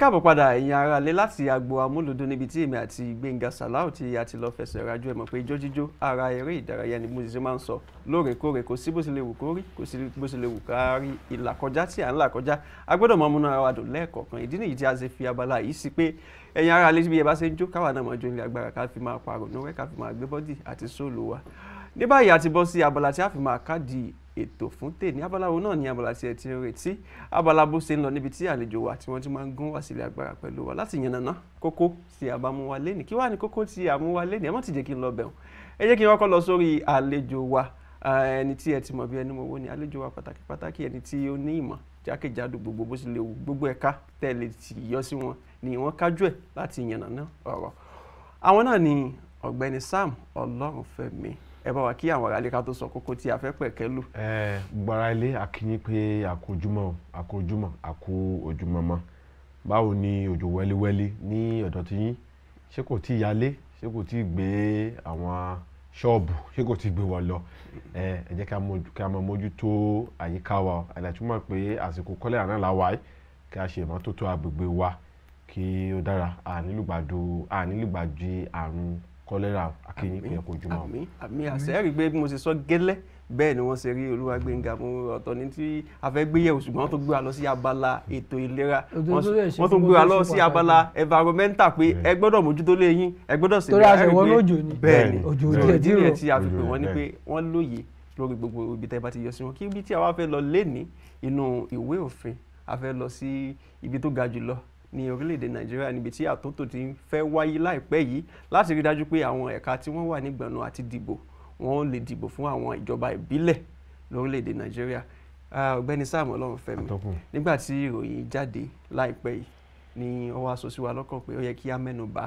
káàbọ̀ padà ẹ̀yin ara lé láti agbo amúlùdún níbi tí èmi àti Gbénga Sàláù tí a ti lọ fẹsẹ̀ rajú ẹ̀ mọ̀ pé ijó ara eré ìdárayá ni mo sì máa ń sọ lóòrèkóòrè kò sí bó ti lè wù kó rí kò sí bó ti lè wù ká rí ìlà kọjá tí à ń là kọjá a gbọ́dọ̀ máa múná ara wa dùn lẹ́ẹ̀kọ̀ọ̀kan ìdí nìyí tí a ṣe fi abala yìí sí pé ẹ̀yin ara lé bí ẹ bá ṣe ń jó káwa náà máa jó ilé agbára ká fi máa pàrọ̀ níwẹ̀ ká fi máa gbé bọ́dì àti sóòlù wa ní báyìí a ti bọ́ sí abala tí a fi máa kádìí ètò fún tèmi abala wo náà ni abala tí ẹ ti ń retí abala bó ṣe ń lọ níbi tí àlejò wa tí wọ́n ti máa ń gún wá sílẹ̀ agbára pẹ̀lú wa láti yànnàná kókó tí a bá mú wa léni kí wàá ní kókó tí a mú wa léni ẹ má ti jẹ́ kí n lọ bẹ̀rù ẹ jẹ́ kí n kọ́kọ́ lọ sórí àlejò wa ẹni tí ẹ ti mọ̀ bí ẹni mọ̀ wo ni àlejò wa pàtàkì pàtàkì ẹni tí ó ní ìmọ̀ jákèjádò gbogbo bó ṣe lè wù gbogbo ẹ̀ka tẹ́lẹ̀ tì yọ sí wọn ni wọ́n kájú ẹ̀ láti yànnàná ọ̀rọ̀ àwọn náà ni ọ̀gbẹ́ni Sam Ọlọ́runfẹ́mi ẹ bá wa kí àwọn aráàlú ká tó sọ kókó tí a fẹ́ pẹ̀kẹ́ lù. ẹ gbọ́ra ilé akínyìn pé àkójúmọ́ àkójúmọ́ àkó ojúmọ́mọ́ báwo ni òjò wẹ́líwẹ́lí ní ọ̀dọ̀ tí yín ṣé kò tí ì yálé ṣé kò tí ì gbé àwọn ṣọ́ọ̀bù ṣé kò tí ì gbé wọn lọ ẹ ẹ jẹ́ kí a mọ àyíká wa àdàtúmọ̀ pé àsìkò kọ́lẹ̀ àná la wáyé kí a ṣe ìmọ́tótó agbègbè wa kí ó dára ànílùgbàdo ànílùgbàjì àrùn kọ́lẹ́rà akéyìn pé ẹkọ ojúmọ́. àmì àmì àṣẹ́rì pé mo ṣe sọ gẹ́lẹ́ bẹ́ẹ̀ ni wọ́n ṣe rí Olúwagbénga mú ọ̀tọ̀ ní tí a fẹ́ gbéyẹ̀wò ṣùgbọ́n wọ́n tún gbé lọ sí abala ètò ìlera wọ́n tún gbé lọ sí abala environmental pé ẹ gbọ́dọ̀ mójútó lé yín ẹ gbọ́dọ̀ sì ní àárín pé bẹ́ẹ̀ ni òjò díẹ̀ tí a fi pè wọ́n ni pé wọ́n lóye lórí gbogbo ibi tẹ́ bá ti yọ sí ní orílẹ̀-èdè nàìjíríà níbi tí àtúntò ti ń fẹ́ wáyé láìpẹ́ yìí láti rí dájú pé àwọn ẹ̀ka tí wọ́n wà nígbọ̀nà àti dìbò wọ́n lè dìbò fún àwọn ìjọba ìbílẹ̀ lórílẹ̀-èdè nàìjíríà ọ̀gbẹ́ni Sam Ọlọ́runfẹ́mi nígbà tí ìròyìn jáde láìpẹ́ yìí ni ó wá sọ sí wa lọ́kàn pé ó yẹ kí a mẹ́nubà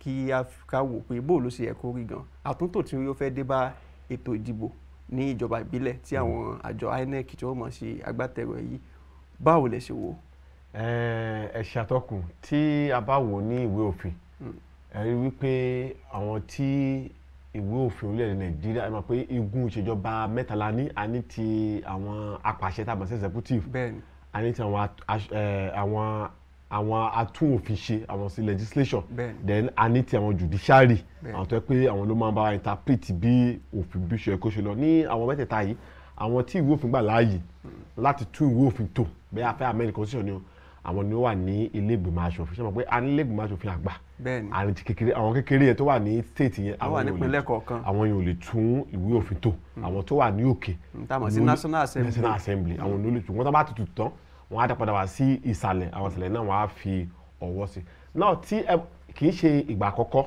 kí a wò pé bóòlù ṣe yẹ kó rí gan àtúntò tí ó fẹ́ dé bá ètò ìdìbò ní ìjọba ìbílẹ̀ tí hmm. àwọn àjọ INEC tí wọ́n mọ̀ sí agbátẹrù èyí báwo lẹ ṣe wò ó ẹ̀ṣẹ̀ àtọkùn tí a bá wò ní ìwé òfin ẹ̀rí wípé àwọn tí ìwé òfin orílẹ̀-èdè nàìjíríà ẹ mọ̀ pé igun ìṣèjọba mẹ́tàlá ní a ní ti àwọn apàṣẹ tàbí executive a ti àwọn atún òfin ṣe àwọn sí legislation then a ní ti àwọn judiciary àwọn tó yẹ pé àwọn ló máa ń bá wa interpret bí òfin bí ṣe kó ṣe lọ ní àwọn mẹ́tẹ̀ẹ̀ta yìí àwọn tí ìwé òfin gbà láàyè hmm. láti tún ìwé òfin tò bẹ́ẹ̀ afẹ́ amẹ́ni constitution ni o àwọn ni ó wà ní ilé ìgbìmọ̀ asòfin ṣe mọ̀ pé a ní ilé ìgbìmọ̀ asòfin àgbà àwọn kékeré àwọn kékeré yẹn tó wà ní state yẹn àwọn yẹn ò lè tún ìwé òfin tó hmm. àwọn tó wà ní òkè national assembly àwọn ni ó lè tún wọn tó bá tutù tán wọn á dá padà wá sí ìsàlẹ̀ àwọn ìsàlẹ̀ náà wọn á fi ọwọ́ sí náà tí kì í ṣe ìgbà àkọ́kọ́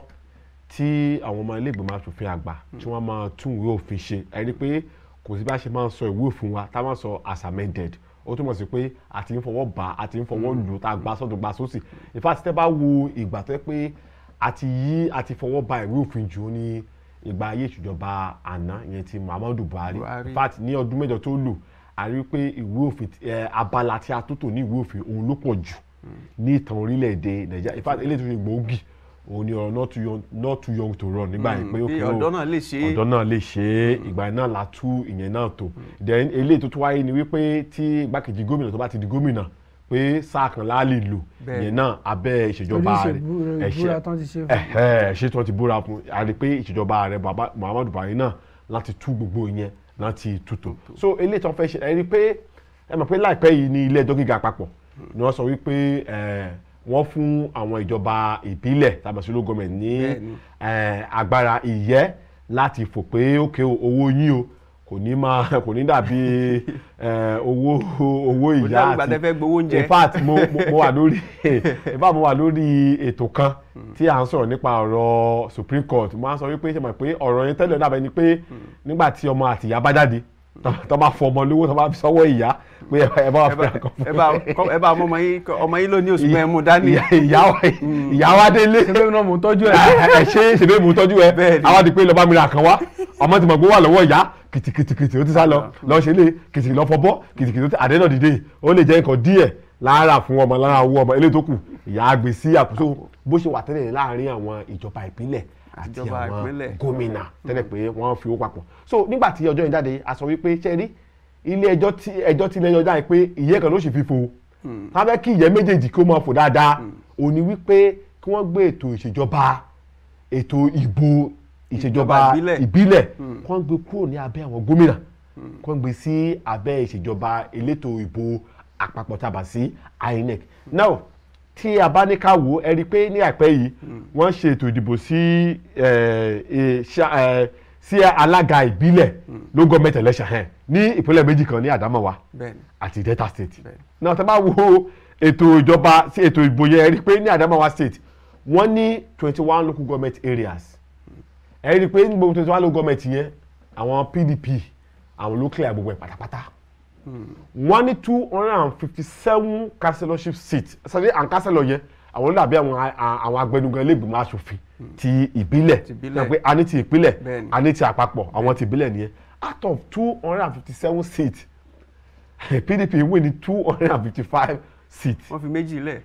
tí àwọn ọmọ ilé ìgbìmọ̀ asòfin àgbà hmm. tí wọ́n máa tún ìwé òfin ṣe ẹni pé kò sí bá ṣe máa sọ ìwé òfin wa tá máa sọ as amended ó túmọ̀ sí pé a ti ń fọwọ́ bá a ti ń fọwọ́ mm. lù tá a gba sọ́dún gba sósì in fact tẹ́ bá wo ìgbà tó yẹ pé a ti yí a ti fọwọ́ bá ìwé òfin jù ní ìgbà ayé ìṣèjọba àná ìyẹn ti Muhammadu Buhari in fact ní ọdún mẹ́jọ tó lò a rí i pé ìwé òfin eh, abala tí a tó tò ní ìwé òfin òun ló pọ̀ jù mm. ní ìtàn orílẹ̀-èdè Nàìjíríà in fact eléyìí gbòógì òun ni ọ̀rọ̀ not too young not too young to run nígbà yẹn mm, pé ó kéré ọ̀dọ́ náà lè ṣe é ọ̀dọ́ náà lè ṣe é mm. ìgbà náà la tú ìyẹn náà tó mm. then eléyìí tó tún wáyé ni wípé tí igbákejì gómìnà tó bá ti di gómìnà pé sáà kan láàlè lò yẹn náà abẹ́ ìṣèjọba rẹ̀ ẹ̀ṣẹ̀ ẹ̀ṣẹ̀ tó ti búra fún àti pé ìṣèjọba rẹ̀ baba Muhammadu Buhari náà láti tú gbogbo yẹn láti tútò so eléyìí tó fẹ́ ṣe ẹ rí i pé ẹ mọ̀ pé láìpẹ́ yìí ní ilé ẹjọ́ gíga àpapọ̀ ni wọ́n sọ wípé ẹ̀ẹ́ wọ́n fún àwọn ìjọba ìbílẹ̀ tàbí local government ní eh, agbára ìyẹ́ láti fò pé òkè owó yín o kò ní máa kò ní dàbí eh, owó owó ìyá àti in mo mo wà lórí in mo wà lórí ètò kan hmm. tí à ń sọ̀rọ̀ nípa ọ̀rọ̀ Supreme Court mo máa ń sọ wípé ṣe mọ̀ pé ọ̀rọ̀ yẹn tẹ́lẹ̀ dàbẹ́ ni pé hmm. nígbà tí ọmọ àtìyá bá jáde tọ́ bá fọ ọmọ lówó tọ́ bá fi sọ́wọ́ ìyá pé ẹ bá wà fún ẹ̀kọ́ fún ẹ. ẹ bá ọmọ yín ọmọ yín lónìí oṣù mẹ́rin mú dání. ìyá hmm. wa délé ṣebí náà mò ń tọ́jú ẹ. ẹ ṣe ṣebí mò ń tọ́jú ẹ àwa ti pé lọ́ba mìíràn kan wá ọmọ tí mo gbé wà lọ́wọ́ ìyá kìtìkìtìkìtì ó ti sá lọ lọ ṣe lé kìtìkìtì lọ fọbọ́ kìtìkìtì àdénà dìde ó lè jẹ́ nǹkan díẹ̀ lára fún ọmọ lára owó ọmọ eléyìí tó kù ìyá àgbèsí àkóso bó ṣe wà tẹ́lẹ̀ láàrin àwọn ìjọba ìpínlẹ̀ àti àwọn gómìnà tẹ́lẹ̀ pé wọ́n fi owó papọ̀ so nígbà tí ọjọ́ yẹn jáde a sọ wípé ṣe rí ilé ẹjọ́ tí ẹjọ́ tí ilé ẹjọ́ jáde pé ìyẹ́ kan ló ṣe fífo wọ́n fẹ́ kí ìyẹ́ méjèèjì kó máa fò dáadáa òní hmm. wípé kí wọ́n gbé ètò ìṣèjọba ètò ìbò ìṣèjọba ìbílẹ̀ hmm. kí wọ́n gbé kúrò ní abẹ́ àwọn gómìnà hmm. kí wọ́n gbé sí abẹ́ ìṣèjọba elétò ìbò àpapọ̀ tàbá sí INEC now tí a bá ní ká wò ẹ rí i pé ní àìpẹ́ yìí hmm. wọ́n ṣe ètò ìdìbò sí sí alága ìbílẹ̀ hmm. ló gọ́ọ̀mẹ̀tì election hẹ́n ní ìpínlẹ̀ méjì kan ní Àdámọ̀wá àti Delta State náà tá a bá wo ètò ìjọba sí ètò ìbò yẹn ẹ rí i pé ní Àdámọ̀wá State wọ́n ní twenty one local government areas ẹ rí i pé ní gbogbo twenty one local government yẹn àwọn PDP àwọn ló clear gbogbo ẹ̀ pátápátá wọ́n ní two hundred and fifty seven councillorship seats sẹ́ni and councillor yẹn àwọn ló dàbí àwọn agbẹnugan ilégbèmọ̀ aṣòfin ti ìbílẹ̀ náà pé a ní ti ìpínlẹ̀ a ní ti àpapọ̀ àwọn ti ìbílẹ̀ nìyẹn out of two hundred and fifty seven seats PDP win ní two hundred and fifty five seats. wọ́n fi méjì lẹ̀.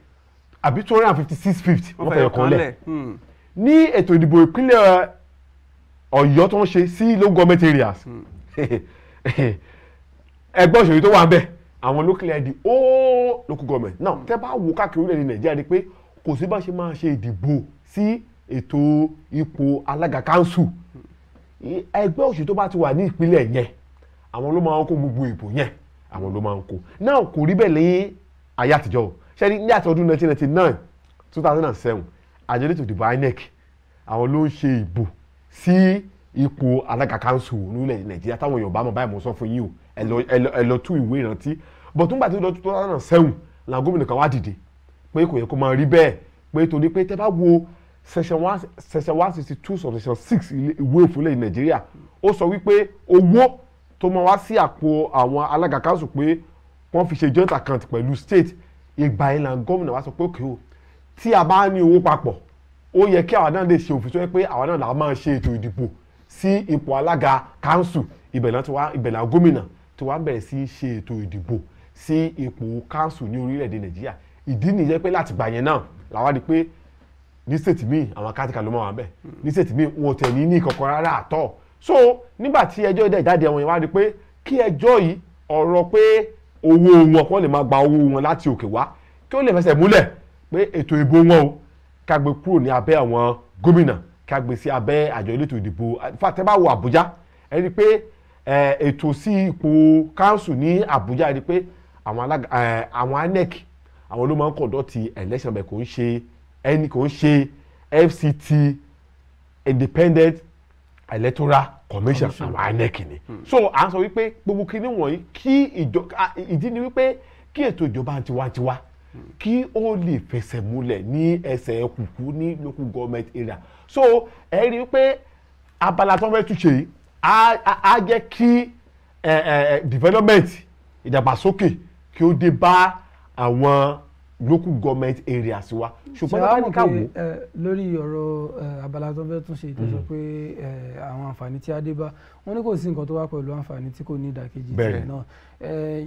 àbí two hundred and fifty six fifty wọ́n fẹ̀yẹ̀ kan lẹ̀. Hmm. ní ètò ìdìbò ìpínlẹ̀ Ọ̀yọ́ tó ń ṣe sí local government areas hmm. ẹgbẹ́ òṣèlú tó wà ń bẹ̀ àwọn ló clear the whole local government now tẹ́ bá wo káàkiri orílẹ̀-èdè nàìjíríà ni pé kò sí bá ṣe máa ṣe ìdìbò sí ètò ipò alága kanṣu ẹgbẹ́ òṣèlú tó bá ti wà ní ìpínlẹ̀ yẹn àwọn ló máa ń kó gbogbo ìbò yẹn àwọn ló máa ń kó náà kò rí bẹ́ẹ̀ lẹ́yìn ayé àtijọ́ o ṣe ní ní àtọ́dún 1999 2007 àjọ elétò ìdìbò INEC àwọn ló ń ṣe ìbò sí ipò alága kanṣu orílẹ̀ nàìjíríà táwọn mo sọ fún yín ẹ lọ tú ìwé ìrántí but nígbà tó lọ tó lọ́nà sẹ́wọ̀n làwọn gómìnà kan wá dìde pé kò yẹ kó máa rí bẹ́ẹ̀ pé torí pé tẹ́ bá wo section one section one sixty two section six ìwé òfìlẹ̀ nàìjíríà ó sọ wípé owó tó máa wá sí àpò àwọn alága kanṣu pé wọ́n fi ṣe joint account pẹ̀lú state ìgbà yẹn là gómìnà wá sọ pé òkè o tí a bá ní owó papọ̀ ó yẹ kí àwa náà lè ṣe òfin tó yẹ pé àwa náà là máa ṣe ètò ìdìbò sí ipò alága kanṣu ìbẹ̀lẹ̀ gómìnà tí wọ́n á bẹ̀rẹ̀ sí í ṣe ètò ìdìbò sí ipò kánsù ní orílẹ̀-èdè nàìjíríà ìdí nìyẹn pé láti gbà yẹn náà làwọn di pé ní state míì àwọn kátìkà ló máa wà ń ní state míì wọn ò tẹ̀ ní ní kankan rárá àtọ̀ so nígbà tí ẹjọ́ ìdá ìjáde àwọn yẹn wá rí pé kí ẹjọ́ yìí ọ̀rọ̀ pé owó wọn kọ́ lè máa gba owó wọn láti òkè wá kí ó lè fẹsẹ̀ múlẹ̀ pé ètò ìbò wọn o ká gbé kúrò ní abẹ́ àwọn gómìnà ká gbé sí abẹ́ àjọ elétò ìdìbò fàtẹ́báwò Àbújá ẹni pé ètò sí ipò council ní Àbújá ni pé àwọn alága àwọn INEC àwọn ló máa ń kọ̀dọ̀tì election bẹ̀ kò ń ṣe ẹni kò ń ṣe FCT Independent Electoral Commission àwọn INEC ni hmm. so à ń sọ wípé gbogbo kinní wọ̀nyí kí ìjọ ìdí ni wípé kí ètò ìjọba tiwantiwa hmm. kí ó lè fẹsẹ̀ múlẹ̀ ní ẹsẹ̀ kùkú ní local government area so ẹ rí i pé abala tí wọ́n fẹ́ túnṣe yìí á jẹ́ kí development ìdàgbàsókè kí ó dé bá àwọn local government areas wa ṣùgbọ́n láwọn ní káwọ́. lórí ọ̀rọ̀ abala tó fẹ́ tún ṣe ìtọ́jú mm. pé àwọn àǹfààní tí adé bá wọn ní kò sí nǹkan tó wá pẹ̀lú àǹfààní tí kò ní ìdàkejì tiẹ̀ náà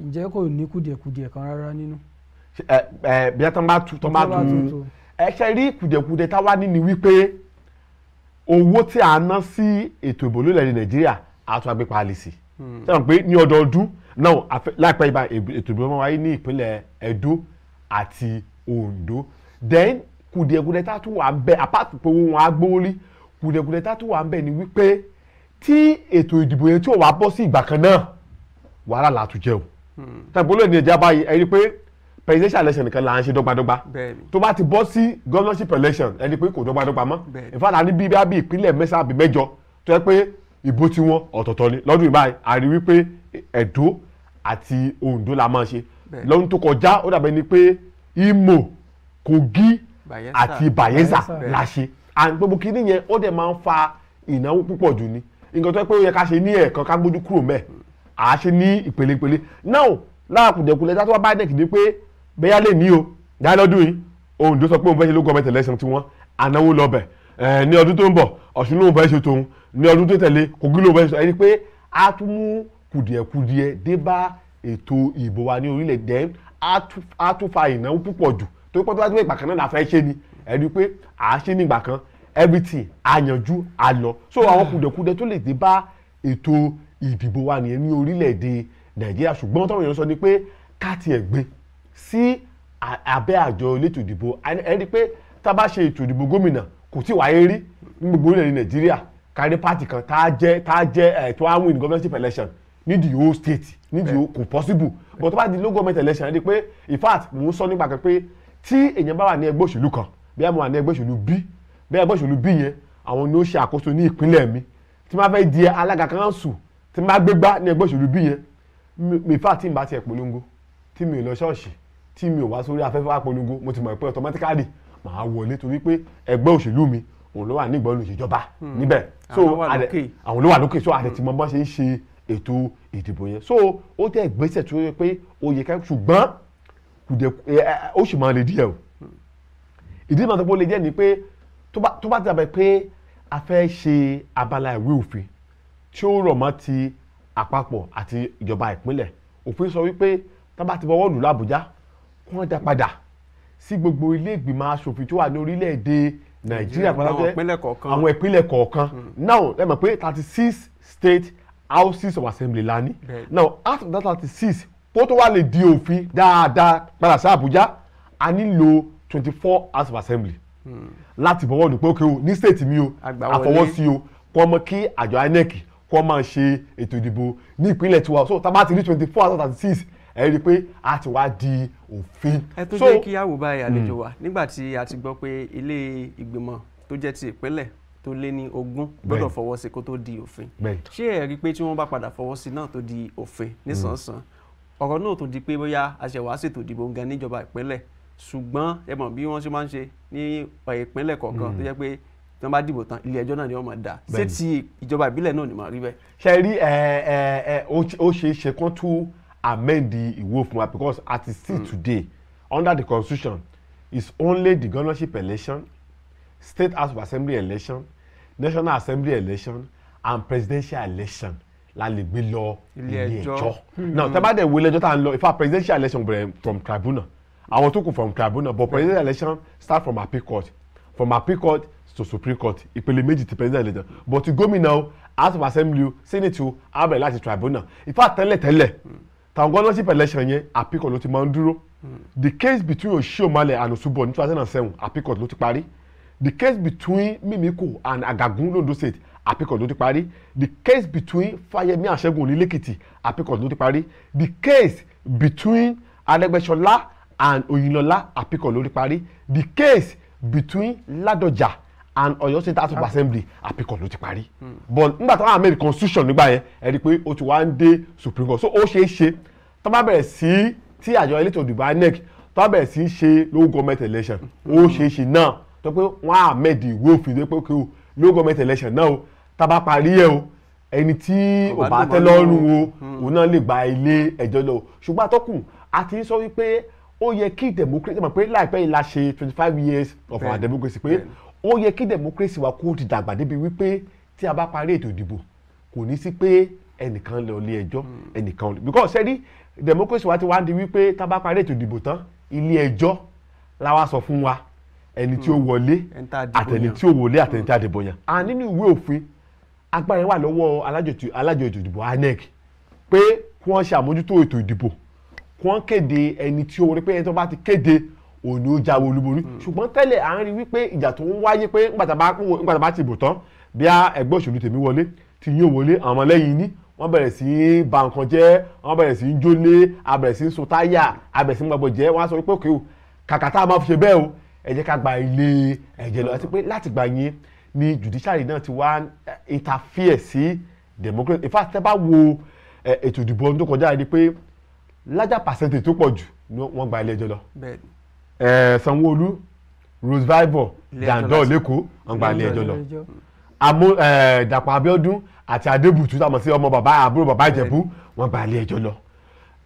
ǹjẹ́ kò ní kùdìẹ̀kùdìẹ̀ kan rárá nínú. bí a tán bá tu tán bá tu ẹ ṣe rí kùdìẹ̀kùdìẹ̀ táwa ní ni wípé owó tí a ná sí ètò ìbò lórílẹ̀‐èdè nàìjíríà àtúnwágbé paálí sí sẹ́wọ̀n hmm. pé ní ọdọọdún náà láìpẹ́ ibà ètò ìbò máa wáyé ní ìpínlẹ̀ Edo àti Ondo then kùdìẹ̀kùdẹ̀ tá a tún wà ń bẹ apart from wọn á gbówó rí kùdìẹ̀kùdẹ̀ tá a tún wà ń bẹ ni wípé tí ètò ìdìbò yẹn tí ò wá bọ́ sí ìgbà kan náà wàhálà làtúnjẹ o tàbí olóyè ní ìjà báyìí ẹ pé presidential election nìkan là ń ṣe dọ́gbadọ́gba tó bá ti bọ́ sí governorship election ẹni pé kò dọ́gbadọ́gba mọ́ in fact a ní bí bí ìpínlẹ̀ mẹ́sàn àbí mẹ́jọ tó yẹ pé ìbò tiwọn ọ̀tọ̀ọ̀tọ̀ ni lọ́dún ìbáyìí a rí wípé Ẹ̀dó àti Oǹdó la máa ṣe lọ́dún tó kọjá ó dàbẹ̀ ni pé Imo Kogi àti Bayelsa la ṣe and gbogbo kìíní yẹn ó dẹ̀ máa ń fa ìnáwó púpọ̀ jù ni nǹkan tó yẹ pé ó yẹ ká ṣe now láàkùdẹ̀kulẹ̀ dátọ́ bá dẹ̀ kìíní bẹ́yà lè ní o dáyàlọ́dún yìí Oǹdó sọ pé òun fẹ́ ṣe local government election tí wọ́n ànáwó lọ́bẹ̀ ní ọdún tó ń bọ̀ Ọ̀ṣun lóun fẹ́ ṣe tòun ní ọdún tó tẹ̀lé Kogi lóun fẹ́ ṣe ẹni pé a tún mú kùdìẹ̀kudiẹ dé bá ètò ìbò wa ní orílẹ̀-èdè a tún fa ìnáwó púpọ̀ jù tó pọ́n tó bá ti pé ìgbà kan náà everything á yanjú so àwọn kùdẹ̀kudẹ tó lè dé bá ètò ìdìbò wa nìyẹn ní orílẹ̀-èdè Nàìjíríà ṣùgbọ́n sí abẹ́ àjọ elétò ìdìbò ẹni pé tá a bá ṣe ètò ìdìbò gómìnà kò tí wáyé rí ní gbogbo orílẹ̀-èdè nàìjíríà kárí pàtì kan tá a jẹ́ tá a jẹ́ ẹ̀ tó a win governorship election ní the whole state ní the whole kò possible but tó bá di low government election ẹni pé in fact mò ń sọ nípa kan pé tí èèyàn bá wà ní ẹgbẹ́ òṣèlú kan bí wọ́n wà ní ẹgbẹ́ òṣèlú b bí ẹgbẹ́ òṣèlú b yẹn àwọn ni ó ṣe àkóso ní ìpínlẹ̀ mi tí máa fẹ́ di alága council tí máa gbégbá ní ẹgbẹ́ òṣèlú b yẹn mi in fact tí n bá tiẹ̀ polongo tí mi ò lọ ṣọ́ọ̀ṣì tí mi ò wá sórí afẹ́fẹ́ apolongo mo ti mọ̀ pé automatically màá wọlé torí pé ẹgbẹ́ òṣèlú mi òun ló wà ní ìgbọ́nù hmm. níbẹ̀ so àwọn ló wà lókè so àdè tí mo bá ṣe ń ṣe ètò ìdìbò yẹn so ó jẹ́ ìgbésẹ̀ tó yẹ pé ó yẹ ká ṣùgbọ́n ó sì máa le díẹ̀ o ìdí ìmọ̀ tó bó le jẹ́ ni pé tó bá ti dàbẹ̀ pé a fẹ́ ṣe abala ìwé òfin tí ó rọ̀ mọ́ ti àpapọ̀ àti ìjọba ìpínlẹ̀ òfin sọ wípé tá ti bọ́wọ́ lù lábújá wọ́n dá padà sí gbogbo ilé ìgbìmọ̀ asòfin tó wà ní orílẹ̀-èdè nàìjíríà pátápátá àwọn ìpínlẹ̀ kọ̀ọ̀kan hmm. now ẹ mọ̀ pé thirty six state houses of assembly la now after that thirty six kó tó wá lè di òfin dáadáa padà sí àbújá a nílò twenty four houses of assembly hmm. láti bọ́wọ́ dùn pé ókè o ní state mi o àfọwọ́sí o kọ́ mọ́ kí àjọ INEC kọ́ máa ṣe ètò ìdìbò ní ìpínlẹ̀ tiwa so tá a bá ti rí twenty four out of thirty six ẹ rí i pé a ti wá di òfin. ẹ tó jẹ́ kí àwò báyìí àlejò hmm. wa nígbà tí a ti gbọ́ pé ilé ìgbìmọ̀ tó jẹ́ ti ìpínlẹ̀ tó lé ní ogún gbọ́dọ̀ fọwọ́ sí kó tó di òfin ṣé ẹ rí i pé tí wọ́n bá padà fọwọ́ sí náà tó di òfin hmm. nísànsán ọ̀rọ̀ náà tó di pé bóyá àṣẹwàá ṣètò ìdìbò gan níjọba ìpínlẹ̀ ṣùgbọ́n ẹ mọ̀ bí wọ́n ṣe máa ń ṣe ní ìpínlẹ̀ kọ̀ọ̀kan hmm. tó jẹ́ pé tí wọ́n bá dìbò tán ilé ẹjọ́ náà ni wọ́n máa dà ṣé ti ìjọba ìbílẹ̀ náà ni màá rí bẹ́ẹ̀. ṣe rí ó ṣeé ṣe kán tún amend the ìwó because as it see mm. today under the constitution it's only the governorship election state house of assembly election national assembly election and presidential election la lè gbé lọ ilé ẹjọ́ hmm. now tẹ́ bá dẹ̀ wo ilé ẹjọ́ tá à ń lọ in fact presidential election bẹ̀rẹ̀ from tribunal àwọn tó kù from tribunal but presidential hmm. election start from appeal court from appeal court to supreme court ìpele méjì ti presidential election but ti gómìnà house of assembly senate abẹ láti tribunal in fact tẹ́lẹ̀ tẹ́lẹ̀. Mm tàwọn governorship election yẹn apicot ló ti máa ń dúró the case between oshiomhole and osubo ní two thousand and seven apicot ló ti parí the case between mimiko and agagun londo state apicot ló ti parí the case between fayemi asegun ní lẹ́kìtì apicot ló ti parí the case between arẹ́gbẹ́ṣọlá and oyinlọlá apicot ló ti parí the case between ládọjà and Ọ̀yọ́ state house of ah. assembly àpèkọ ló ti parí hmm. but nígbà tó wà made constitution nígbà yẹn ẹ rí i pé ó ti wá ń dé supreme court so ó ṣeé ṣe tó bá bẹ̀rẹ̀ sí tí àjọ elétò ìdìbò inec tó bá bẹ̀rẹ̀ sí ṣe local government election ó hmm. ṣeé ṣe náà tó pé wọ́n á made ìwé òfin tó pé kí o local government election náà o tá a bá parí ẹ o ẹni tí ò bá tẹ́ lọ́rùn o hmm. òun náà lè gba ilé ẹjọ́ lọ ṣùgbọ́n àtọ́kùn a ti ń sọ wípé ó yẹ kí democracy pé láìpẹ́ yìí la ṣe twenty five years of our democracy pé ó yẹ kí democracy wa kó ti dàgbà débi wípé tí a bá parí ètò ìdìbò kò ní sí pé ẹnìkan lọ ilé ẹjọ́ hmm. ẹnìkan lọ because ṣe rí democracy wa ti wá di wípé tá a bá parí ètò ìdìbò tán ilé ẹjọ́ la wá sọ fún wa ẹni tí ó hmm. wọlé àtẹni tí ó wọlé àtẹni tí a hmm. dìbò yàn à nínú ìwé òfin agbára wà lọ́wọ́ alájọ ètò ìdìbò INEC pé kí wọ́n ṣe àmójútó ètò ìdìbò kí wọ́n kéde ẹni tí ó wọlé pé ẹni tó bá ti kéde òní ó jáwé olúborí hmm. ṣùgbọ́n tẹ́lẹ̀ à ń rí wípé ìjà tó ń wáyé pé ńgbàtà bá ti bò tán bí a ẹgbẹ́ òṣèlú tèmi wọlé ti yín òwòlé àwọn ọmọlẹ́yìn ní wọ́n bẹ̀rẹ̀ sí í ba nǹkan jẹ́ wọ́n bẹ̀rẹ̀ sí í jólé abẹ̀rẹ̀ sí í sun táyà abẹ̀rẹ̀ sí í gbàgbọ́ jẹ́ wọ́n á sọ wípé òkè o kàkà tá a máa fi ṣe bẹ́ẹ̀ o ẹ jẹ́ ká gba ilé ẹ̀jẹ̀ lọ àti pé láti gbà yín ni judiciary náà ti wá interfere sí democracy in fact tẹ́ bá wo ètò ìdìbò ọdún tó kọjá rí pé larger percentage tó pọ̀ jù ni wọ́n gba ilé ẹjọ́ lọ. bẹ́ẹ̀ni Eh, sanwóolu rosevivor dandor lẹ́kọ̀ọ́ ọ̀ngbà ilé ẹjọ́ lọ eh, dàpọ̀ abíọ́dún àti adébùtú tá a mọ̀ sí ọmọ bàbá àbúrò bàbá ìjẹ̀bú wọ́n gba ilé ẹjọ́ lọ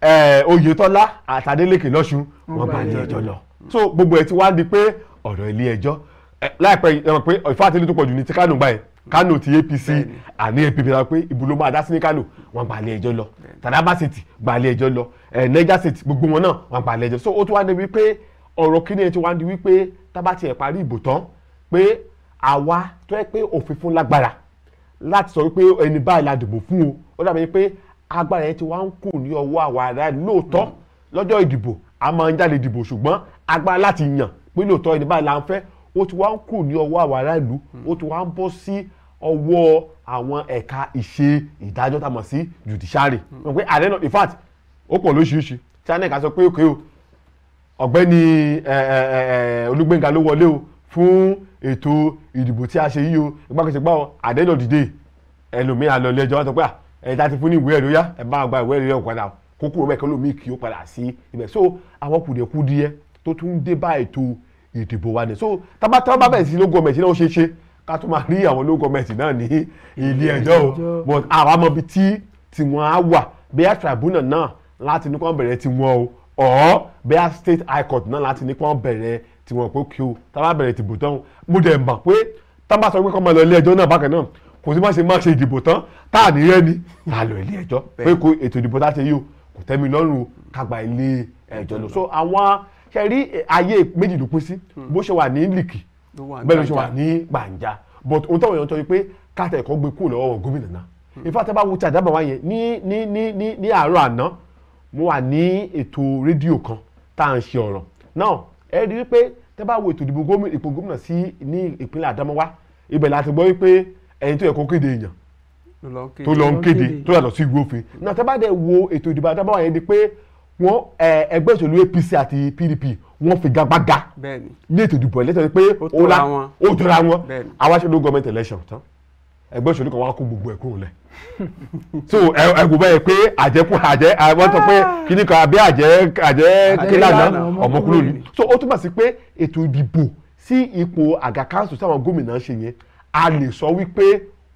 eh, oyetola àti adeleke lọ́ṣun wọ́n gba ilé ẹjọ́ lọ so gbogbo ẹ̀ ti wá di pé ọ̀rọ̀ ilé ẹjọ́ láìpẹ́ ẹ̀rọ pé ìfáàtẹ́lẹ́ tó pọ̀ jù ní ti kánò báyìí kánò ti apc àní apc náà pé ìbò ló máa dá sí ní kánò wọ́n gba ilé ẹjọ́ lọ taraba state gba ilé ẹjọ́ lọ niger state gbogbo wọn náà wọ́n gba ilé ẹjọ́ so ó tún wá débi pé ọ̀rọ̀ kí ni ẹ ti wá di wípé tábà tiẹ̀ parí ìbò tán pé àwa tó yẹ pé òfin fún lágbára láti sọ wípé ẹni báyìí la dìbò fún o ó dàbí pé agbára yẹn ti wá ń kù ní ọwọ́ àwa ará lóòótọ́ mm. lọ́jọ́ ìdìbò a máa ń jáde dìbò ṣùgbọ́n agbára láti yàn pé lóòótọ́ ẹni báyìí la ń fẹ́ ó ti wá ń kù ní ọwọ́ àwa ará ìlú mm. ó ti wá ń bọ́ sí ọwọ́ àwọn ẹ̀ka ìṣe ìdájọ́ tá a mọ̀ sí judiciary. Mm. pé àlẹ́ náà in fact ó pọ̀ lóṣìṣì tí anẹ́ka sọ pé òkè o ọ̀gbẹ́ni eh, eh, eh, Olúgbénga ló wọlé o fún ètò ìdìbò tí a ṣe yí o ìgbàkejì gbà ọ àdéhùn dìde ẹlòmíín àlọlé ẹjọ́ wọn sọ pé à ẹni tá a ti fún ní ìwé ẹ̀rí ó yá ẹ bá gba ìwé ẹ̀rí ọ̀hún padà kó kúrò mẹ́kẹ́ lómi kì í padà sí ibẹ̀ so àwọn kùdìẹ̀kùdìẹ tó tún dé bá ètò ìdìbò wa ni so tábàtà bá bẹ̀rẹ̀ sí ló gọọmẹ̀tì náà ó ṣe é ṣe ká tó máa rí àwọn ló gọọmẹ̀tì náà ní ilé ẹjọ́ but àwa mọ̀ bí tí tiwọn á wà bí ẹ̀ tribunal náà láti or bẹ́ẹ̀ state high court náà láti ní kí wọ́n bẹ̀rẹ̀ tiwọn pé kí o tá a bá bẹ̀rẹ̀ ìdìbò tán mo dẹ̀ mọ̀ pé tá a bá sọ pé kọ́ máa lọ ilé ẹjọ́ náà bákan náà kò sí má ṣe má ṣe ìdìbò tán tá à nírẹ́ ni tá a lọ ilé ẹjọ́ pé kò ètò ìdìbò tá a ṣe yìí o kò tẹ́mi lọ́rùn kàgbà ilé ẹjọ́ lọ so àwọn kẹrí eh, ayé méjì ló pín sí hmm. bó ṣe wà ní lìkì bẹ́ẹ̀ ló ṣe wà ní gbàǹjà but ohun táwọn èèyàn ń tọ́ ni pé káàtà ẹ̀kọ́ gbé kúrò lọ́wọ́ gómìnà náà hmm. in fact ẹ bá wo ti àdábàwá yẹn ní ní ní ní àárọ̀ àná mo wà ní ètò rédíò kan tá à ń ṣe ọ̀rọ̀ náà ẹ rí i pé tẹ́ bá wo ètò ìdìbò ipò gómìnà sí ní ìpínlẹ̀ Àdámọ́wá ibẹ̀ láti gbọ́ wípé ẹni tó yẹ kó kéde èèyàn tó lọ ń kéde tó yàtọ̀ sí ìwé òfin náà tẹ́ bá dẹ̀ wo ètò ìdìbò Àdámọ́wá yẹn di pé wọ́n ẹgbẹ́ ìṣèlú APC àti PDP wọ́n figagbága ní ètò ìdìbò ẹ̀ lẹ́tọ̀ọ́ pé ó jọra wọn àwọn aṣojú gọọmenti election tán ẹgbẹ́ òṣèlú kan wá kó gbogbo ẹ̀ kúrò lẹ̀ so ẹgbẹ́ bẹ́ẹ̀ pé àjẹkù àjẹ àwọn tó pé ah. kíní kan àbí àjẹ àjẹ kílànà ọmọkúrò ni so ó túmọ̀ sí pé ètò ìdìbò sí ipò àga kanṣu sáwọn gómìnà ṣe yẹn a lè sọ wípé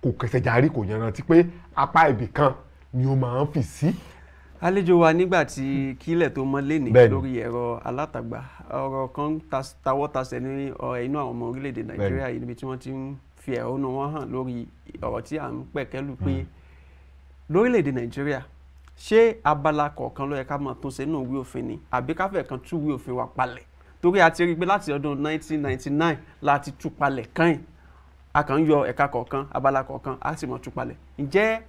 kò kẹsẹ̀ járí kò yanrantí pé apá ibì kan ni ó máa ń fi sí àlejò wa nígbà tí kílẹ̀ tó mọ́ léni lórí ẹ̀rọ alátagbà ọ̀rọ̀ kan tawọ́ ní inú àwọn ọmọ orílẹ̀ fi ẹ̀hónú wọn hàn lórí ọ̀rọ̀ tí à ń pẹ̀kẹ́lù pé hmm. lórílẹ̀‐èdè nàìjíríà ṣé abala kọ̀ọ̀kan ló yẹ ká máa tún ṣe nínú ìwé òfin ni àbí ká fẹ́ kan tú ìwé òfin wa palẹ̀ torí a ti rí i pé láti ọdún 1999 la ti tú palẹ̀ kan a kàn ń yọ ẹ̀ka kọ̀ọ̀kan abala kọ̀ọ̀kan a sì mọ̀ tú palẹ̀ ǹjẹ́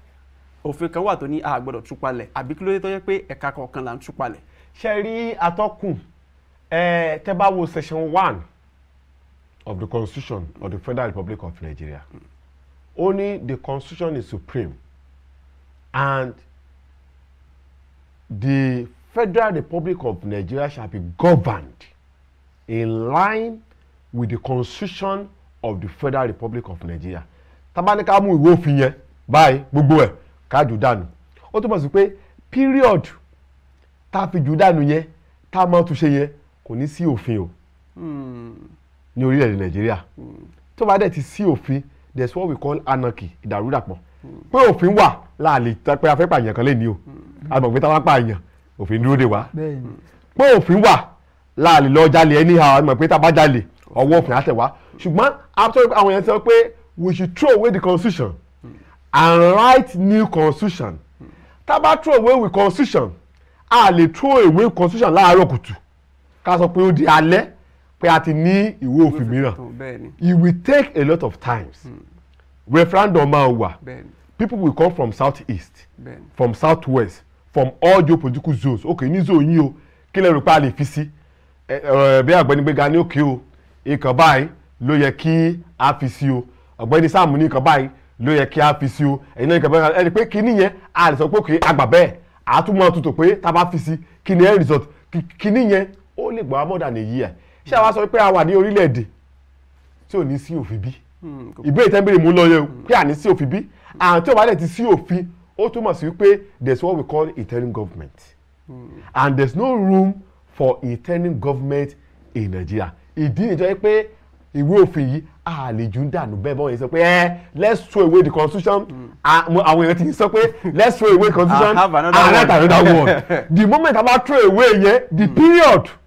òfin kan wà tó ní a gbọ́dọ̀ tú palẹ̀ àbí kí ló dé tó yẹ pé ẹ̀ka kọ̀ọ̀kan là ń tú palẹ̀. ṣe rí atọ́kùn ẹ tẹ́ bá wo section one of the constitution of the federal republic of nigeria only the constitution is supreme and the federal republic of nigeria shall be governed in line with the constitution of the federal republic of nigeria tabanika mú ìwé òfin yẹn báyìí gbogbo ẹ̀ kájú dànù ó túmọ̀ sí pé period tá a fi jù dànù yẹn tá a máa túnṣe yẹn kò ní sí òfin o. Hmm ní orílẹ̀-èdè nàìjíríà tó bá dẹ̀ ti sí òfin there is what we call anarchy ìdàrúdàpọ̀ pé òfin wà láàlè tán pé a fẹ́ pààyàn kan lè ní o àmọ̀ pé táwọn pààyàn òfin dúró de wá pé òfin wà láàlè lọ jalè anyhow àmọ̀ pé tábà jalè ọwọ́ òfin á tẹ̀ wá ṣùgbọ́n àwọn yẹn sọ pé we should throw away the constitution and write new constitution tábà throw away with constitution a throw away constitution láàárọ̀ kùtù ká sọ pé ó di alẹ́ pé a ti ní ìwé òfin mìíràn it will take a lot of times hmm. referendum máa wà people will come from south east ben. from south west from all geopolitical zones okay ní zone yìí o kí lè rò pé a lè fi sí bí ọ̀gbẹ́ni gbéga ní òkè o ìkàn báyìí ló yẹ kí a fi sí o ọ̀gbẹ́ni sáàmù ní ìkàn báyìí ló yẹ kí a fi sí o ẹ̀yin náà ìkàn báyìí ẹni pé kí nìyẹn a lè sọ pé òkè àgbà bẹ́ẹ̀ àtúmọ̀ tuntun pé tá a bá fi sí kí ẹ̀ result kí nìyẹn ó lè gbọ́ amọ́dà nìyí ẹ̀ ṣé àwa sọ pé a wà ní orílẹ̀-èdè tí ò ní sí òfin bí hmm, ìbéèrè tẹ́ ń béèrè mú lọ yẹn o hmm. pé à ní sí òfin bí àwọn tí ò bá dẹ̀ ti sí òfin ó túmọ̀ sí pé there is what we call interim government hmm. and there is no room for interim government in Nigeria ìdí nìjọ́ pé ìwé òfin yìí àlejò ń dànù bẹ́ẹ̀ bọ́ọ̀ yẹn sọ pé ẹ let's throw away the constitution àwọn èèyàn ti sọ pé let's throw away the constitution and write another one the moment a throw away yẹn the period. Mm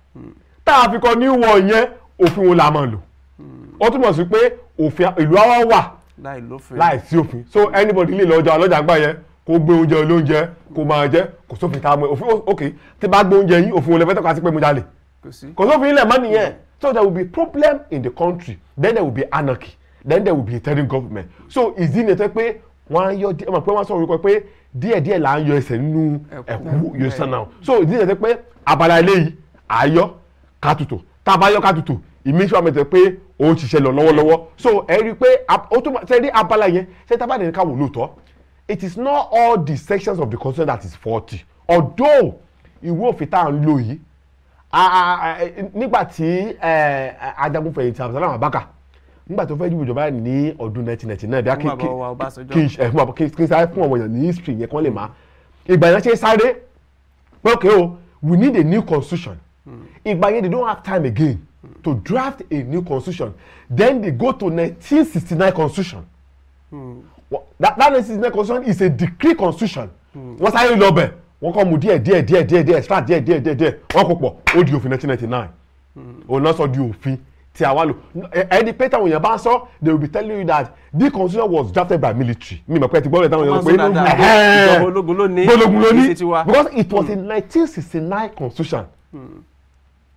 tá a fi kọ new one yẹn òfin wọn la máa lò ó túmọ̀ sí pé òfin ìlú àwa wà láì sí òfin so anybody lè lọ ọjà ọlọ́jà gbà yẹn kó gbé oúnjẹ olóúnjẹ kó máa jẹ kò sófin tá a mọ òfin ok tí bá gbé oúnjẹ yìí òfin olè fẹ́ tọ́ka sí pé mo jalè kò sófin ilẹ̀ mọ́ nìyẹn so there will be problem in the country then there will be anarchy then there will be a third government so ìdí ni ẹ tẹ́ pé wọ́n á yọ díẹ̀ ọmọ pé wọ́n á sọ orúkọ pé díẹ̀díẹ̀ là ń yọ ẹsẹ̀ nínú ẹ̀kú yóò náà so ìdí ni ẹ tẹ́ pé abala eléyìí àyọ kátùtù tá a bá yọ kátùtù pé ó ń ṣiṣẹ́ lọ so ẹ rí pé ó tún ṣe rí abala yẹn ṣe tá a bá dẹ̀ it is not all the sections of the constitution that is faulty although ìwé òfin tá à ń lò yìí nígbà tí ajagunfẹ̀yìntì Abdulsalam Abaka nígbà tó fẹ́ dìbò ìjọba ní ọdún 1999 bí a kí kí sáré fún ọmọ èèyàn ní history yẹn kán lè má ìgbà yẹn ṣe sáré pé okay o oh, we need a new constitution If by then they don't have time again mm. to draft a new constitution then they go to 1969 constitution mm. well, that that 1969 constitution is a decree constitution hmm. wọ́n sáré lọ bẹ̀ wọ́n kọ́ mu díẹ̀ díẹ̀ díẹ̀ díẹ̀ díẹ̀ extract díẹ̀ díẹ̀ díẹ̀ díẹ̀ wọ́n kó pọ̀ ó di òfin 1999 òun náà sọ di òfin tí a wá lò ẹni pé táwọn èèyàn bá ń sọ they will be telling you that this constitution was drafted by military mi mọ̀ pé ti gbọ́dọ̀ táwọn èèyàn pé ẹ̀ẹ́dẹ́gbọ́n ológun ló ní because it was a 1969 hmm. constitution. Mm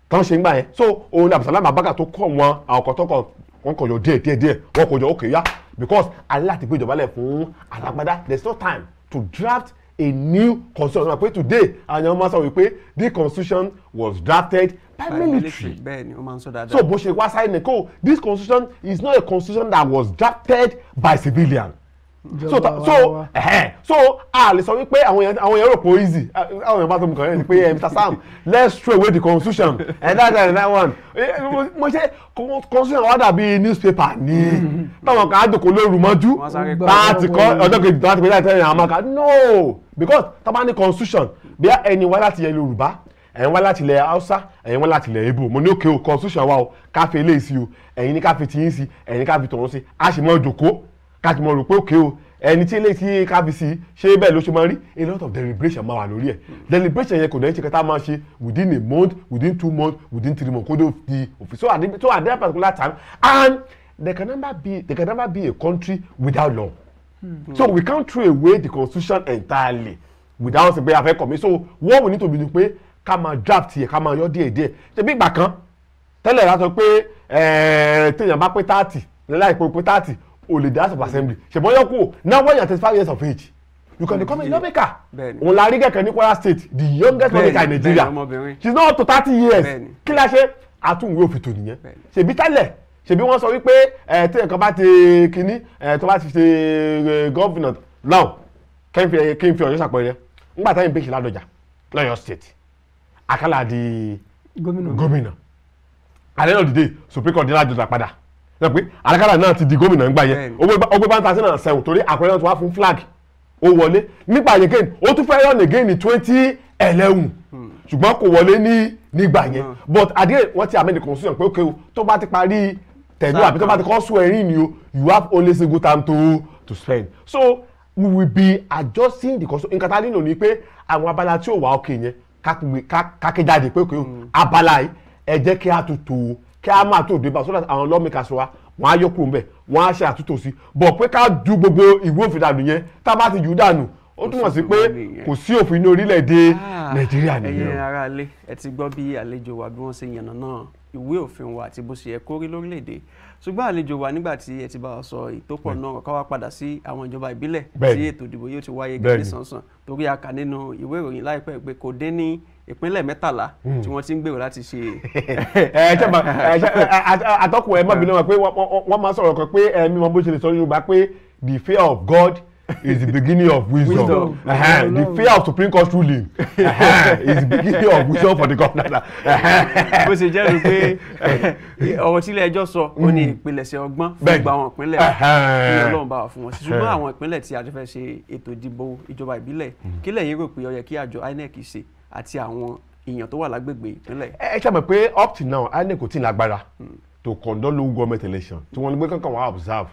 tán ṣe ń gbà yẹn so òun abdulsalam abaka tó kọ wọn àwọn kan tó kọ wọn kò jọ díẹ̀ díẹ̀ díẹ̀ wọn kò jọ òkè yá because alẹ́ àti gbé ìjọba lẹ̀ fún alágbádá there is no time to draft a new constitution wọn pe today àwọn ọmọ sọ wípé the constitution was drafted by, military so bó ṣe wá sáyẹn nìkó this constitution is not a constitution that was drafted by civilians so so ẹhẹn so a lè sọ wípé àwọn yẹn àwọn yẹn rò pé easy àwọn yẹn bá tó mu kàn yẹn ni pé eh, Mr. Sam let's throw away the constitution and eh, that and that one eh, mo ṣe constitution wa dàbí newspaper ni táwọn kan á dòkó lóru mọ́jú láti kọ́ ọjọ́ kejì láti pé láti tẹ́lẹ̀ àwọn kan no because tábà ní constitution bí ẹni wá láti yẹ Yorùbá ẹ̀yin wá láti ilẹ̀ Hausa ẹ̀yin wá láti ilẹ̀ Igbo mo ní òkè o constitution wa o ká fi eléyìí sí o ẹ̀yin ní ká fi tiyín sí ẹ̀yin ní ká fi sí a sì mọ́ ìjòkó káàkiri mọ̀ rò pé òkè o ẹni tí ilé tí kábíyèsí ṣe bẹ́ẹ̀ ló ṣe máa rí a lot of deliberation máa wà lórí ẹ̀ hmm. deliberation yẹn kò dẹ̀ ń ṣe kẹta máa ṣe within a month within two months within three months kó tó di òfin so at that particular time and there can never be there can never be a country without law hmm. so we can't throw away the constitution entirely without ṣe pé a fẹ́ commit so what we need to be do pé ká máa draft yẹ ká máa yọ díẹ̀ díẹ̀ ṣe bí ìgbà kan tẹ́lẹ̀ la sọ pé eh, téèyàn bá pé thirty láìpẹ́ pé thirty o lè dá sọ̀pọ̀ assembly ṣùgbọ́n yọ kú now when you are thirty five years of age you can become a lawmaker òun la rí kẹ̀kẹ́ ní Kwara state the youngest lawmaker in Nigeria she is now up to thirty years kí la ṣe àtúnwé òfin tò nìyẹn ṣèbí tẹ́lẹ̀ ṣèbí wọ́n sọ wípé ẹ̀ eh, tí nǹkan bá ti kínní ẹ̀ eh, tó bá ti ṣe eh, gọ́vìnà now kí n fi ọ̀yọ́ ṣàpẹẹrẹ ńgbà táyìn bẹ́ẹ̀ ṣe ládọjà lọ́yọ̀ state àkàlà di gómìnà àlẹ́ náà dìde supreme court ní ládọjà padà ṣe pé alákàlà náà ti di gómìnà ńgbà yẹn ogbe bá ń ta sí náà sẹ̀wọ̀n torí àkùrẹ́ náà ti wá fún flag ó wọlé nípa again ó tún fẹ́ run again twenty eleven hmm. ṣùgbọ́n kò wọlé ní nígbà yẹn hmm. but àdéhùn wọ́n ti amẹ́ni constitution pé okay tó bá ti parí tẹ̀lé àbí tó bá ti kọ́ sún ẹ̀rín ni o you have only single time to to spend so we will be adjusting the cost. nǹkan tá a nílò ni pé àwọn abala tí ò wá òkè yẹn kákéjáde pé okay o hmm. abala yìí ẹ jẹ́ kí a tutù o kí a máa tó débà so that àwọn lawmakers wa wọn á yọ kúrò mbẹ wọn á ṣe àtúntò sí bọ̀ pé ká ju gbogbo ìwé òfin dànù yẹn tá a bá ti jù ú dànù ó túmọ̀ sí pé kò sí òfin ní orílẹ̀-èdè ah, nàìjíríà nìyẹn. ẹ̀yin ará ilé ẹ ti gbọ́ bí àlejò wa bí wọ́n ṣe yànnà náà ìwé òfin wa àti bó ṣe yẹ kó rí lórílẹ̀-èdè ṣùgbọ́n àlejò wa nígbà tí ẹ ti bá wa sọ ìtòpọ̀ náà ká wá padà sí àwọn ìjọba ìbílẹ̀ tí ètò ìdìbò yóò ti wáyé gẹ́gẹ́ sánsan torí a kà nínú ìwé ìròyìn láìpẹ́ pé kò dín ní ìpínlẹ̀ mẹ́tàlá hmm. tí wọ́n ti ń gbèrò láti ṣe. ẹ ẹ ṣe àtọkùn ẹ má bínú wọn pé wọ́n máa sọ̀rọ̀ kan pé ẹ̀mí wọn bó ṣe lè sọ Yorùbá pé the fear of God is the beginning of wisdom, wisdom. Uh -huh. the fear of supreme court ruling uh -huh. is the beginning of wisdom for the governor. bó ṣe jẹ́ rí pé ọ̀rọ̀ tí ilé ẹjọ́ sọ ó ní hmm. ìpilẹ̀ṣẹ̀ ọgbọ́n fún gba àwọn ìpínlẹ̀ ní ọlọ́run bá wà fún wọn sí ṣùgbọ́n àwọn ìpínlẹ̀ tí a ti fẹ́ ṣe ètò ìdìbò ìjọba ìbílẹ̀ kílẹ̀ yìí rò pé ó yẹ kí àjọ INEC ṣe àti àwọn èèyàn tó wà lágbègbè ìpínlẹ̀. ẹ ṣàmọ̀ pé up to now inec kò tí ì lágbára to conduct local government election tí wọ́n ní kankan wà observe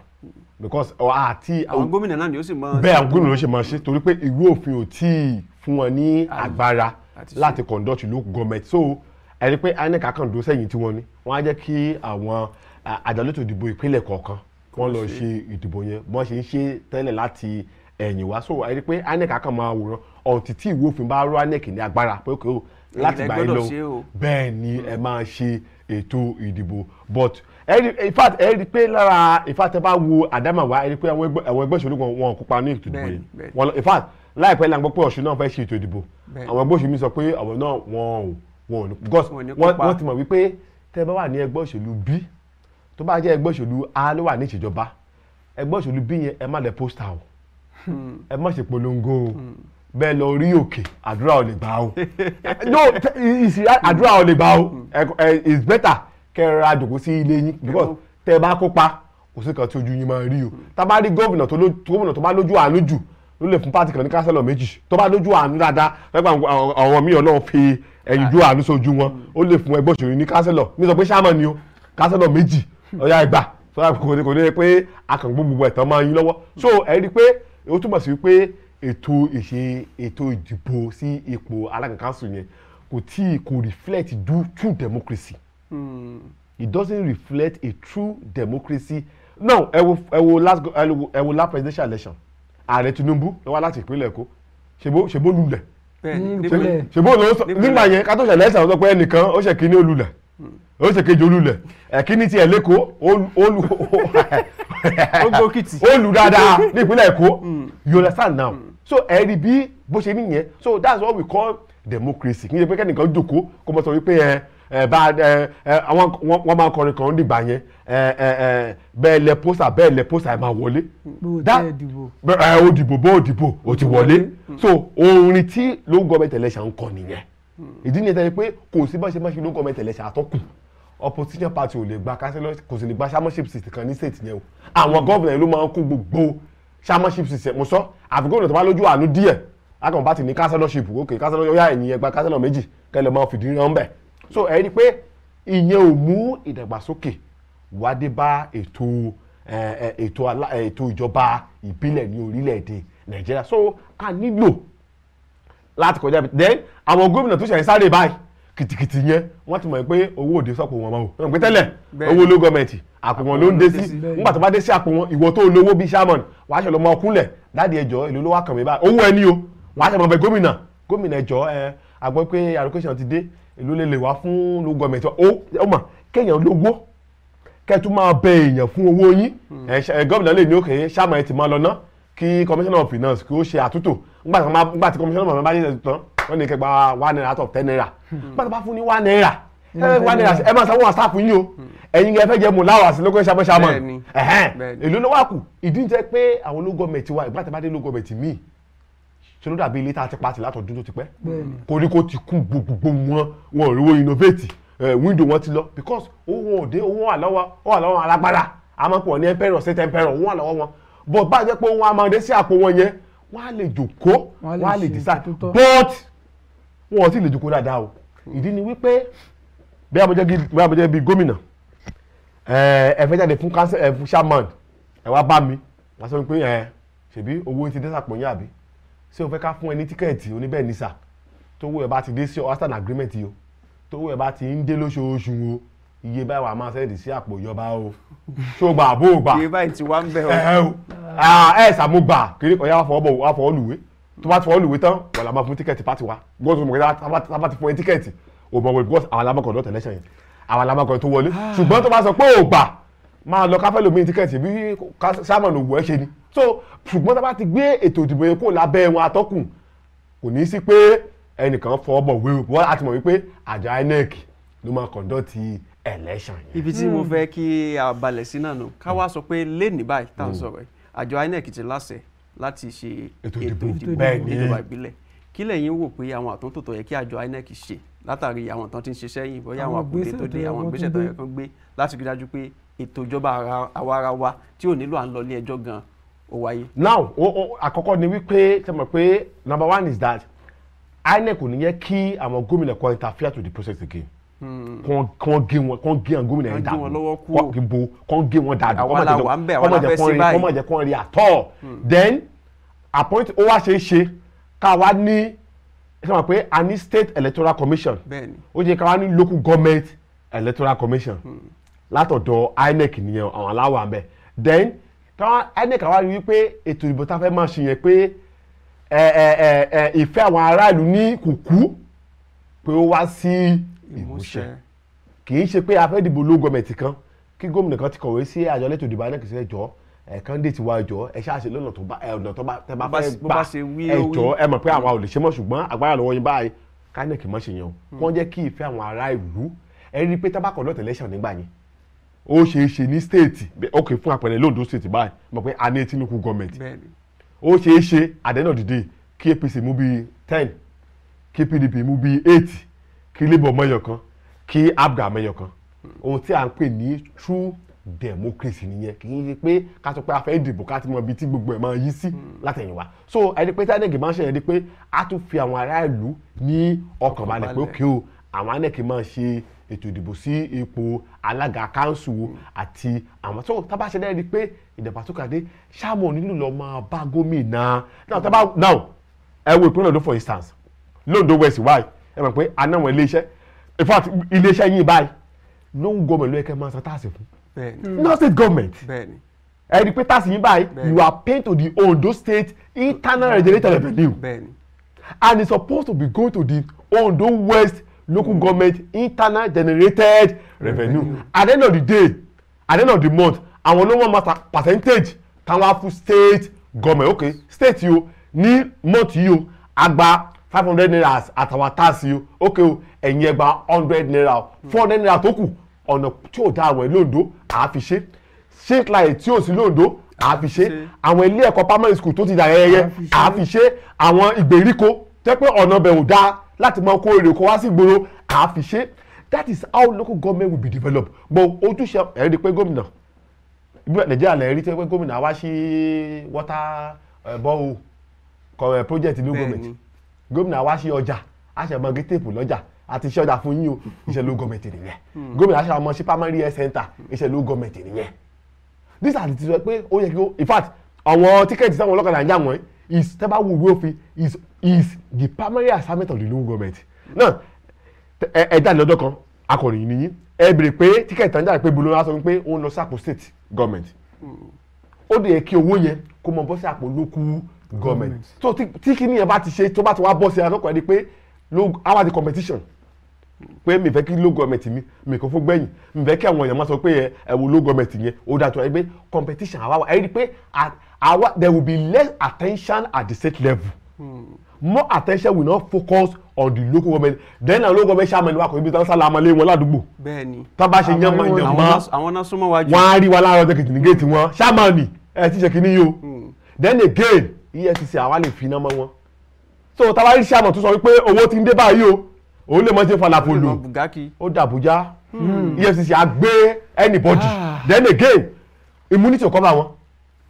because àti àwọn gómìnà náà ni ó sì máa bẹ́ẹ̀ àwọn gómìnà ló ṣe máa ṣe torí pé ìwé òfin ò tí ì fún wọn ní agbára láti conduct local government so ẹni pé inec àkàndó sẹ́yìn tí wọ́n ní wọ́n á jẹ́ kí àwọn àjálòtò ìdìbò ìpínlẹ̀ kọ̀ọ̀kan wọ́n lọ ṣe ìdìbò yẹn bọ́n ṣe ń ṣe tẹ́lẹ̀ láti ẹ̀yìn wá so ẹni pé inec àkàn máa wòran ọ̀tí tí ìwé òfin bá rọ anec ní agbára pé kò láti gbà yín lọ bẹ́ẹ̀ ni mm. ẹ máa ṣe ètò ìdìbò but in fact ẹ rí i pé lára in fact ẹ bá wo àdámàwá ẹ rí i pé àwọn ẹgbẹ́ òṣèlú kan wọn kópa ní ètò ìdìbò yìí wọn in fact láìpẹ́ la gbọ́ pé Ọ̀ṣun náà fẹ́ ṣe ètò ìdìbò àwọn ẹgbẹ́ òṣèlú mi sọ pé àwọn náà wọn ò wọn ò ní because wọ́n ti mọ̀ wípé tẹ́ bá wà ní ẹgbẹ́ òṣèlú B tó bá jẹ́ ẹgbẹ́ òṣèlú A ló wà ní ìṣèjọba ẹgbẹ́ òṣèlú B yẹn ẹ má lẹ̀ pósítà o hmm. ẹ má ṣe polongo o hmm bẹ́ẹ̀ lọ rí òkè àdúrà ò lè gbà o no àdúrà ò lè gbà o it's better kẹ́ ẹ ra jòkó sí ilé yín because tẹ́ ẹ bá kópa kò sí kan tí ojú yín máa rí o tá a bá rí gómìnà tó bá lójú àánú jù ló lè fún pátì kan ní kánsẹ́lọ̀ méjì tó bá lójú àánú dáadáa lẹ́gbà àwọn míì ọlọ́run fi ẹ̀yìn ju àánú sójú wọn ó lè fún ẹgbẹ́ òṣèlú ní kánsẹ́lọ̀ mi sọ pé sáàmà ni o kánsẹ́lọ̀ méjì ọ̀yà ẹgbà sọ́dà kò ní pé akàngbó gbogbo ẹ̀tàn máa yín lọ́wọ́ so ẹ rí i pé ó túmọ̀ sí pé ètò ìṣe ètò ìdìbò sí ipò alága kanṣu yẹn kò tí kò reflect do true democracy mm. it doesn't reflect a true democracy now ẹ wo ẹ wo last ẹ wo last presidential election ààrẹ Tinubu ló wá láti ìpínlẹ̀ Èkó ṣèbó ṣèbó lulẹ̀ hmm, ṣèbó ló sọ nígbà yẹn kátó ṣẹlẹ̀ ẹ̀sán sọ pé ẹnìkan ó ṣe kíní olulẹ̀ hmm. ó ṣe kejì olulẹ̀ ẹ̀kíní tiẹ̀ lẹ́kọ̀ọ́ olù olù dáadáa ní ìpínlẹ̀ Èkó hmm. you understand now. Mm so ẹ̀rí bí bó ṣe nìyẹn so that's what we call democracy kì í ṣe pé kẹ́nìkan jòkó kó mọ̀ sọ wípé ẹ ẹ bá ẹ ẹ àwọn wọn máa kọrin kan dìgbà yẹn ẹ ẹ ẹ bẹ́ẹ̀ lẹ pósà bẹ́ẹ̀ lẹ pósà ẹ máa wọlé. bó ẹ o dìbò bó o ti wọlé hmm. so orin tí ló ń gọbẹ tẹlẹ ṣà ń kọ nìyẹn hmm. ìdí nìyẹn tẹ́lẹ̀ pé kò sí bá ṣe má ṣe ló ń gọbẹ tẹlẹ ṣà opposition party ò lè gba kò sì lè gba chairmanship seat kan ní state yẹn o àwọn hmm. gọ́ọ̀nà ló máa ń kó gbogbo chairmanship system mo sọ àfi gómìnà tó bá lójú àánú díẹ̀ akọ̀mọ̀ pàtì ní councillorship ok councillor yóò yá ẹ̀yìn ẹgbà councillor méjì kẹlẹ̀ máa fìdí rán bẹ̀ so ẹ rí i pé ìyẹn ò mú ìdàgbàsókè wádé bá ètò ètò ìjọba ìbílẹ̀ ní orílẹ̀-èdè nàìjíríà so a nílò láti kọjá bi then àwọn gómìnà tó ṣe sáré báyìí kìtìkìtì yẹn wọ́n ti mọ̀ pé owó òde sọ̀pọ̀ wọn mọ́ o wọ́n pẹ́ tẹ́lẹ̀ owó ló gọ́ọ̀mẹ̀ntì àpò wọn ló ń dé sí nígbà tó bá dé sí àpò wọn ìwọ tó lówó bíi sherman wàá ṣe lọmọ ọkúnlẹ̀ dáàdi ẹjọ́ èlò ló wà kàn mí báyìí owó ẹni o wàá ṣe bọ̀bẹ̀ gómìnà gómìnà ẹjọ́ ẹ àgbọ̀ pé allocation ti dé èlò lè lè wá fún lóògùn ọmọ ẹ̀tọ́ ó mà kéèyàn lówó kẹ́tù máa bẹ èèyàn fún owó yín hmm. gómìnà lè ní òkè sherman ti máa lọ ná kí commissioner of finance kí ó ṣe àtúntò nígbà tí commissioner of finance bá yẹ tán wọ́n ní one naira out ten naira hmm. nígbà tí wọ́n bá hmm. one naira ẹ máa sanwó wọn staff ẹ̀yin yẹn fẹ́ jẹ́ mùláwà sí lókè ṣamọ́ṣamọ́ èlò ló wà kù ìdí ń jẹ́ pé àwọn local government wa ìgbà tí a bá dé local government míì ṣe ló dàbí ilé tá a ti pati látọ̀dún tó ti pẹ́ koríko ti kún gbogbo wọn wọn ò rí wọn innovate window wọn ti lọ because owó òde owó àlọ́wọ́ owó àlọ́wọ́ alágbára a máa ń pè wọ́n ní emperor state emperor owó àlọ́wọ́ wọn but bá a jẹ́ pé wọn a máa dé sí àpò wọn yẹn wọn á lè jòkó wọn á lè decide but wọn ò tí ì lè jòkó dáadáa o ìdí ni wípé bí a mọ̀ gómìnà ẹ fẹ́ jáde fún council ẹ fún chairman ẹ wá bá mi wá sọ pé ẹ ṣèbí owó ti dé sàpọ̀ yín àbí ṣé o fẹ́ ká fún ẹ ní tíkẹ́ẹ̀tì oníbẹ̀ ní sà tówó ẹ bá ti dé sí western agreement yìí o tówó ẹ bá ti ń dé lóṣooṣù o iye báyìí wà á máa sẹ́ẹ̀dì sí àpò ìjọba o ṣó gbà àbó gbà iye báyìí ti wá ń bẹ̀ o ẹ o ẹ ṣàmú gbà kiri ọ̀yà wà fọwọ́ bọ̀ wà fọwọ́ lùwé tó bá ti fọwọ́ lùwé tán wà lá máa fún tíkẹ́ẹ̀tì pàtì wa gbọ́dọ̀ mọ̀ kí tá bá ti fún ẹ tíkẹ́ẹ̀tì òmọ̀wé because àwọn alámọ̀kọ̀dọ̀ tẹ̀lẹ́sẹ̀ yẹn àwọn alámọ̀kọ̀ tó wọlé ah. ṣùgbọ́n tó bá sọ pé ò gbà máa lọ káfẹ́ lómi tíkẹ́ẹ̀tì bí sámọ̀nù òwò ẹ̀ ṣe ni so ṣùgbọ́n tó bá ti gbé ètò ìdìbò yẹn kó lábẹ́ wọn atọ́kùn kò ní í sí pé ẹnìkan fọwọ́bọ̀ wéwu wọ́n á ti mọ̀ wípé àjọ INEC ló máa kọ̀ǹdọ́tì election yẹn. ibi tí mo hmm. fẹ́ kí a balẹ̀ sí náà nù ká wá sọ pé hmm. lénìí báyìí tá à ń hmm. sọ̀rọ̀ àjọ INEC ti látàrí àwọn tán ti ń ṣiṣẹ́ yìí bóyá àwọn àkùdé tó dé àwọn ìgbésẹ̀ tó yẹ kán gbé láti rí dájú pé ètò ìjọba àwarawa tí ò nílò à ń lọ ilé ẹjọ́ gan ó wáyé. now àkọ́kọ́ ni wípé ṣe mọ̀ pé number one is that INEC ò ní yẹ kí àwọn gómìnà kan interfere to the process again hmm. kàn gé wọn kàn gé àwọn gómìnà yẹn dànù kàn gé bo kàn gé wọn dànù kọ́mọ̀jẹ̀ kan rí àtọ̀ then appoint ó wá ṣe é ṣe ká wá ní ẹ sọ ma pé a ní state electoral commission ó jẹ́ ká wá ní local government electoral commission hmm. látọ̀dọ̀ INEC nìyẹn àwọn aláwọ̀ àbẹ̀ then káwọn INEC àwa rí wípé ètò ìbò tá a fẹ́ máa ṣe yẹn pé ìfẹ́ àwọn aráàlú ní kùkú pé ó wá sí ìmúṣẹ kì í ṣe pé a fẹ́ dìbò local government kan kí gómìnà kan ti kọ̀wé sí àjọ elétò ìdìbò INEC sílẹ̀ jọ́ candidate wa jọ ẹ ṣáà ṣe lọ́nà tó bá ọ̀nà tó bá tẹ bá fẹ́ gbà ẹ jọ ẹ mọ̀ pé àwa ò lè ṣe mọ́ ṣùgbọ́n agbára lọ́wọ́ yín báyìí kánẹ̀kì mọ́ ṣe yẹn o kàn hmm. jẹ́ kí ìfẹ́ àwọn ará ìlú ẹ rí i pé tábàkọ̀ lọ́tẹ̀ lẹ́ṣọ̀ nígbà yẹn ó ṣe é ṣe ní state ok fún àpẹẹrẹ London state báyìí mọ̀ pé a ní Tinubu gọọmenti ó ṣe é ṣe at the end of the day kí APC mú bíi ten kí PDP mú bíi eight kí Labour mẹ́yọ̀ kan kí abga mẹ́yọ̀ kan hmm. ohun tí à ń pè ní true democracy nìyẹn kì í ṣe pé ká sọ pé a fẹ́ dìbò ká ti mọ ibi tí gbogbo ẹ̀ máa yí sí hmm. látẹ̀yìnwá so ẹni pé tánẹ̀gì máa ń ṣẹlẹ̀ ni pé a tún fi àwọn ará ìlú ní ọkàn balẹ̀ pé òkè o àwọn anẹ́kì máa ṣe ètò ìdìbò sí ipò alága kanṣu hmm. àti àwọn tó tábà ṣẹlẹ̀ ni pé ìdàgbà tó kàdé ṣáàmù nílò lọ máa bá gómìnà náà tábà náà ẹ wo ìpínlẹ̀ Ondo for instance lóńdó west wáyé ẹ mọ̀ pé anáwọn ilé iṣẹ́ in fact ilé iṣẹ́ yín báyìí ló ń gọmọ̀ lóyè kẹ́ máa san táàsì fún Lagos hmm. state government ẹni pé táàsì yín báyìí you are paying to the Ondo state internal regulator revenue and it's supposed to be going to the Ondo West local government internal generated revenue. at the end of the day at the end of the month àwọn ló wọ́n máa percentage táwọn á fún state government okay state yìí o ní month yìí o a five hundred naira àtàwọn tax yìí o okay o ẹ̀yin ẹ hundred naira four hundred naira tó kù ọ̀nà tí ò dá àwọn lóńdó àáfi ṣe street light tí ò sí lóńdó àáfi ṣe àwọn ilé ẹ̀kọ́ primary school tó ti dà yẹyẹ àáfi ṣe àwọn ìgbèríko tẹ́ pé ọ̀nà bẹ̀ ò dáa láti máa kó èrè kó wá sí ìgboro àáfi ṣe that is how local government will be developed but ojúṣe ẹ̀ rí i pé gómìnà nàìjíríà lè rí i pé gómìnà wá sí water borehole project new government gómìnà wá sí ọjà àṣẹmọgé téèpù lọ́jà àti iṣẹ́ ọ̀dà fún yín o iṣẹ́ ló gọ́ọ̀mẹ̀ntì nìyẹn hmm. gómìnà aṣọ àmọ́ sí primary health center iṣẹ́ ló gọ́ọ̀mẹ̀ntì nìyẹn this are the sọ pé ó yẹ kí ó in fact àwọn tíkẹ́ẹ̀tì sáwọn ọlọ́kadà ń yà is tẹ́bá wo ìwé òfin is is the primary assignment of the local government náà ẹ̀dá lọ́dọ̀ kan akọ̀ròyìn nìyí ẹ bèrè pé tíkẹ́ẹ̀tì tán jáde pé bolo wa sọ pé ó ń lọ sí state government hmm. ó dẹ̀ yẹ kí owó yẹn kó mọ bọ́ sí àpò local government so tí kìnìyàn bá ti ṣe tó bá ti wá bọ́ sí akọ́kọ̀ọ́ ẹni pé how was the competition pé mi fẹ́ kí low government mi mi kò fún gbẹ̀yìn mi fẹ́ kí àwọn èèyàn máa sọ pé ẹ wo low government yẹn ó dàtọ̀ ẹ gbé competition àwa wa ẹ rí i pé àwa there will be less attention at the state level hmm. more attention will now focus on the local government then na local government chairman wa kò ibi tán sálà amalé wọn ládùúgbò bẹ́ẹ̀ni tábà ṣe yánmọ yánmọ àwọn náà súnmọ́ wájú wọn á rí wa láàárọ̀ ọjọ́ kejì ní géètì wọn chairman ni ẹ ti ṣe kínní yìí o hmm. then again EFCC àwa lè fi iná mọ́ wọn so tábà rí chairman tó sọ wípé owó ti ń dé báyìí o O òun lè mọ ṣe falafolo ó dàbújá hmm. EFCC á gbé anybody ah. then again immunity cover wọn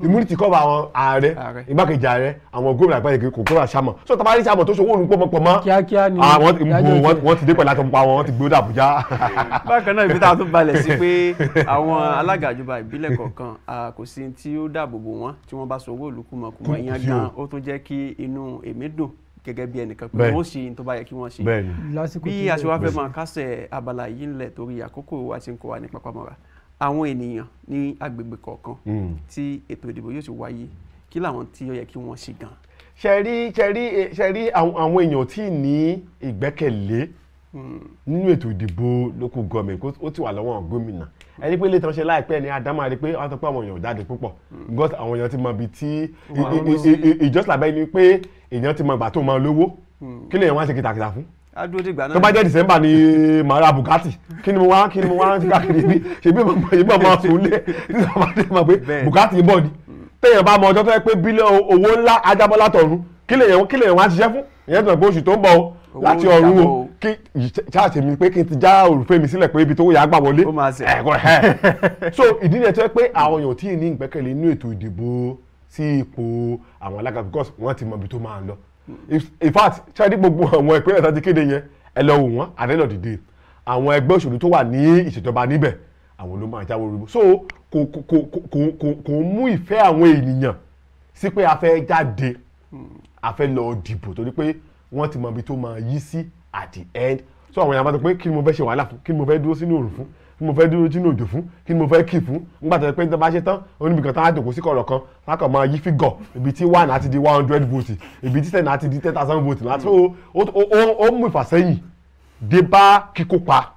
immunity cover àwọn ààrẹ igbákejì ààrẹ àwọn gómìnà àgbáyé kò gómìnà sàmọ so tọ́ba rí sàmọ tó ṣòwò òun pọ́npọ́n mọ́ àwọn ìbò wọn ti dé pẹ̀lú àtọ̀pọ̀ àwọn ti gbé dàbújá. bákan náà ibi tá a tún balẹ̀ sí pé àwọn alága ìjọba ìbílẹ̀ kọ̀ọ̀kan kò sí tí ó dáàbò bò wọ́n tí wọ́n bá sọ owó ìlú kùmọ̀kùmọ̀ ìyẹn gan ó tún jẹ́ kí inú èmi dùn gẹ́gẹ́ bí ẹnìkan pé wọ́n ṣe ní tó bá yẹ kí wọ́n ṣe bí a fẹ́ máa kásẹ̀ abala yìí ńlẹ̀ torí àkókò wa ti ń kó wa ní papamọ́ra àwọn ènìyàn ní agbègbè kọ̀ọ̀kan hmm. tí ètò ìdìbò yóò ṣe wáyé kí làwọn tí ó yẹ kí wọ́n ṣe gan. ṣẹ̀rí ṣẹ̀rí ṣẹ̀rí àwọn èèyàn tí ní ìgbẹ́kẹ̀lé hmm. nínú ètò ìdìbò local government ó ti wà lọ́wọ́ gómìnà hmm. ẹni pé létan ṣe láìpẹ́ ni adama rí pé wọ́n sọ pé àwọn èèyàn ò jáde púpọ̀ because àwọn èèyàn ti mọ ibi tí ìjọsìn àbẹ́ ni pé èèyàn ti mọ ìgbà tó máa lówó hmm. kí lèèyàn wá ṣe kìtàkìtà fún tó bá jẹ́ december ni màá ra bugatti kí ni mo wá kí ni mo wá ń káàkiri bí ṣèbí ìbọn máa sùn lé nígbà máa dé mọ̀ pé bugatti bọ̀ ni hmm. téèyàn bá mọ ọjọ́ tó yẹ pé bílíọ̀nù owó ńlá ajábọ́lá tọ̀run kí lèèyàn kí lèèyàn wá ṣiṣẹ́ fún ìyẹn tó ń pé oṣù tó ń bọ̀ láti ọ̀run o kí ṣáàṣì mi pé kí n ti já olùfẹ́ mi sílẹ̀ pé ibi tó yà á gbà wọlé ẹ̀kọ́ ẹ̀ so ìdí ni ẹ tó yẹ pé àwọn èèyàn tí ì ní ìgbẹ́kẹ̀lé inú ètò ìdìbò sí ipò àwọn alága because wọ́n ti mọ ibi tó máa lọ in fact ṣáàdì gbogbo àwọn ìpínlẹ̀ tá ti kéde yẹn ẹ lọ wò wọ́n at the end of the day àwọn ẹgbẹ́ òṣèlú tó wà ní ìṣèjọba níbẹ̀ àwọn ló máa jáwé olúbo so kò kò kò kò kò mú ìfẹ́ àwọn ènìyàn sí pé a fẹ́ jáde a fẹ́ lọ dìbò torí pé wọ́n ti mọ ibi tó máa yí sí at the end so àwọn èèyàn máa sọ pé kí ni mo fẹ́ ṣe wàhálà fún kí ni mo fẹ́ dúró sínú òrùn fún kí mo fẹ́ dúró sínú òjò fún kí mo fẹ́ kì fún nígbà tó yẹ pé níta bá ṣe tán oníbìkan tán á jòkó sí kọ̀rọ̀ kan lákàn máa yí fígọ̀ ibi tí one àti di one hundred votes ibi tí ten àti di ten thousand votes láti hmm. ó mú ìfàsẹ́yìn dé bá kíkópa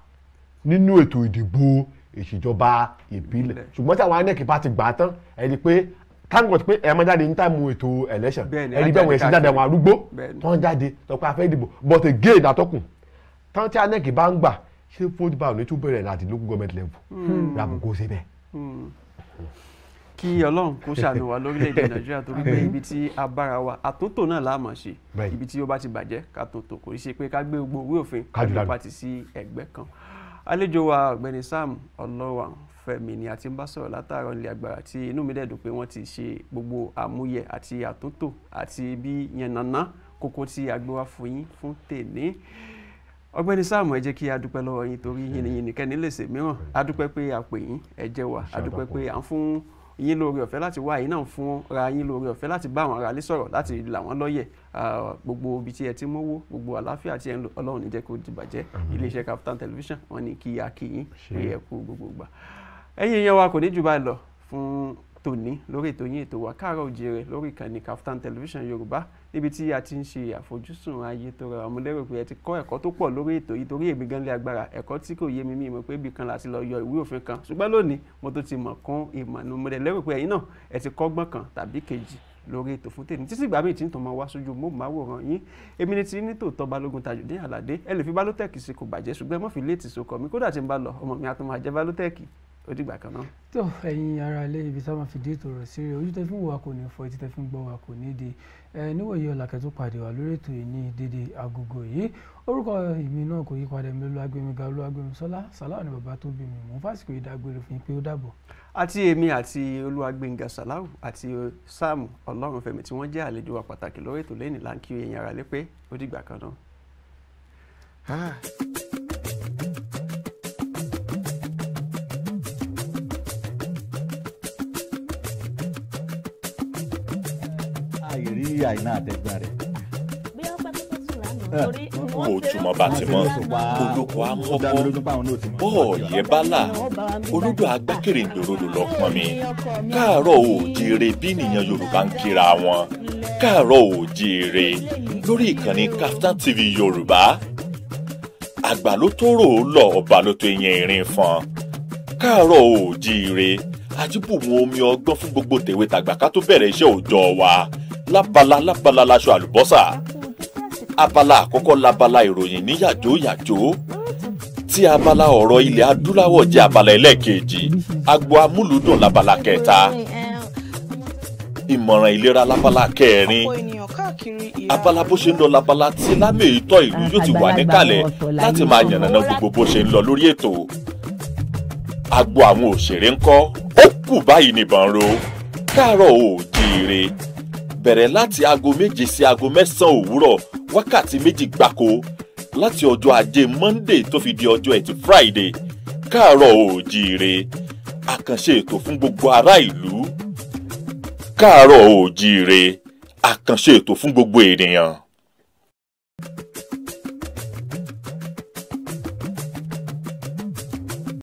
nínú ètò ìdìbò ìṣèjọba ìbílẹ̀ ṣùgbọ́n tí àwọn INEC bá ti gbà á tán ẹ rí pé thank God pé ẹ máa jáde ní táìmù ètò election ẹ rí bẹ́ẹ̀ wọ́n ẹ̀sìn jáde àwọn arúgbó tó ń jáde tó pé a fẹ́ dìbò but again àtọ́kùn tán tí INEC bá ń gbà ṣé football ní tún bẹ̀rẹ̀ láti local government level hmm. ràbù kó ṣe bẹ́ẹ̀. Hmm. kí ọlọ́run kó ṣàánú wa lórílẹ̀‐èdè nàìjíríà torí pé ibi tí a bára wa àtúntò náà la máa ṣe ibi tí ó bá ti bàjẹ́ ká tòótò kò ṣe pé ká gbé gbogbo ìwé òfin ká ló pàtì sí ẹ̀gbẹ́ kan àlejò wa ọ̀gbẹ́ni sam ọlọ́wà fẹ́mi ni a ti ń bá sọ̀rọ̀ látàárọ̀ nílé agbára tí inú mi dẹ̀dùn pé wọ́n ti ṣe gbogbo àmúyẹ àti àtúntò àti bí yànnàná kókó tí a gbé wá fún yín ọ̀gbẹ́ni sáàmù ẹ jẹ́ kí a dúpẹ́ lọ́wọ́ yín torí yìnyín kẹ́ni lè ṣe mìíràn a dúpẹ́ pé a pè yín ẹ jẹ́ wá a dúpẹ́ pé à ń fún yín lóore ọ̀fẹ́ láti wá yín náà fún ra yín lóore ọ̀fẹ́ láti bá àwọn aráalé sọ̀rọ̀ láti là wọ́n lọ́yẹ̀ gbogbo ibi tí ẹ ti mówó gbogbo àlàáfíà tí ẹ ń lò ọlọ́run ní jẹ́ kó ti bàjẹ́ iléeṣẹ́ Kaftan television wọ́n ní kí a kí yín pé ẹ kú gbogbo gbà ẹ̀yin yẹn wa kò ní jù báyìí lọ fún tòní lórí ètò yín ètò wa káàárọ̀ oòjíire lórí ìkànnì Kaftan television yorùbá níbi tí a ti ń ṣe àfojúsùn ayé tó rẹwà mo lérò pé ẹ ti kọ́ ẹ̀kọ́ tó pọ̀ lórí ètò yìí torí èmi gan lé agbára ẹ̀kọ́ tí kò yé mi mí mọ̀ pé ibì kan láti lọ yọ ìwé òfin kan ṣùgbọ́n lónìí mo tó ti mọ̀ kún ìmọ̀ ni mo lérò pé ẹ̀yin náà ẹ ti kọ́gbọ́n kan tàbí kejì lórí ètò fún tèmi títí ìgbà míì tí ń tàn máa wá sójú móhùnmáwòrán yín èmi ni ti ní tòótọ́ balógun tajùdín àlàdé ẹ lè fi balótẹ́ẹ̀kì sí kò bàjẹ́ ṣùgbọ́n ẹ má fi léètì sókọ mi kódà tí ń bá lọ ọmọ mi á tún balótẹ́ẹ̀kì ó dìgbà kan náà. tó ẹ̀yin ará ilé ibi tá a máa fi dé ètò rẹ̀ sí rẹ̀ ojú tẹ fi ń wò wá kò ní fọ etí tẹ fi ń gbọ́ wá kò ní di ẹ níwòye ọ̀làkẹ́ tó pàdé wá lórí ètò yìí dédé agogo yìí orúkọ ìmí náà kò yí padà mi lọ́lọ́ agbẹ́míga olú agbẹ́misọ́lá sàláwọ̀ ni bàbá tó bí mi mò ń fásitì yìí dágbére fún pé ó dàbọ̀. àti èmi àti olú agbẹ́ngà àti sam ọlọ́runfẹ́mi tí wọ́n jẹ́ àlejò wa pàtàkì lórí ètò lẹ́yìn láǹkì ẹ̀yìn ará lé pé ó dìgbà àìná àtẹ̀gbọ́n rẹ̀ ojúmọ́ bá ti mọ́ olùkọ́ amọ́kọ́ bọ́ọ̀lì bálà olódò agbákèrèǹdòrò ló lọ pọn mi káàárọ̀ oòjíire bí nìyẹn yorùbá ń kíra wọn káàárọ̀ oòjíire lórí ìkànnì Kaftan TV yoruba, àgbà ló tó rò ó lọ ọba ló tó yẹn irin fọn káàárọ̀ oòjíire ajíbùmọ̀ omi ọgbọ́n fún gbogbo tèwe tàgbà ká tó bẹ̀rẹ̀ iṣẹ́ òòjọ́ wa lábala lábala laṣọ àlùbọ́sà abala àkọ́kọ́ labala ìròyìn ní yàjó yàjó tí abala ọ̀rọ̀ ilẹ̀ adúláwọ̀ jẹ́ abala ẹlẹ́ẹ̀kejì agbo amúlùdùn labala kẹta ìmọ̀ràn ìlera labala kẹrin abala bó ṣe ń lọ labala tí lámèyítọ́ ìlú yóò ti wà níkàlẹ̀ láti máa yànnàná gbogbo bó ṣe ń lọ lórí ètò agbo àwọn òṣèré ńkọ́ ó kù báyìí nìbọn ro káàárọ̀ oòjíire bẹ̀rẹ̀ láti aago méje sí aago mẹ́sàn-án òwúrọ̀ wákàtí méjì gbáko láti ọjọ́ ajé monday tó fi di ọjọ́ ẹtì friday káàárọ̀ oòjíire àkànṣe ètò fún gbogbo ará ìlú káàárọ̀ oòjíire àkànṣe ètò fún gbogbo ènìyàn.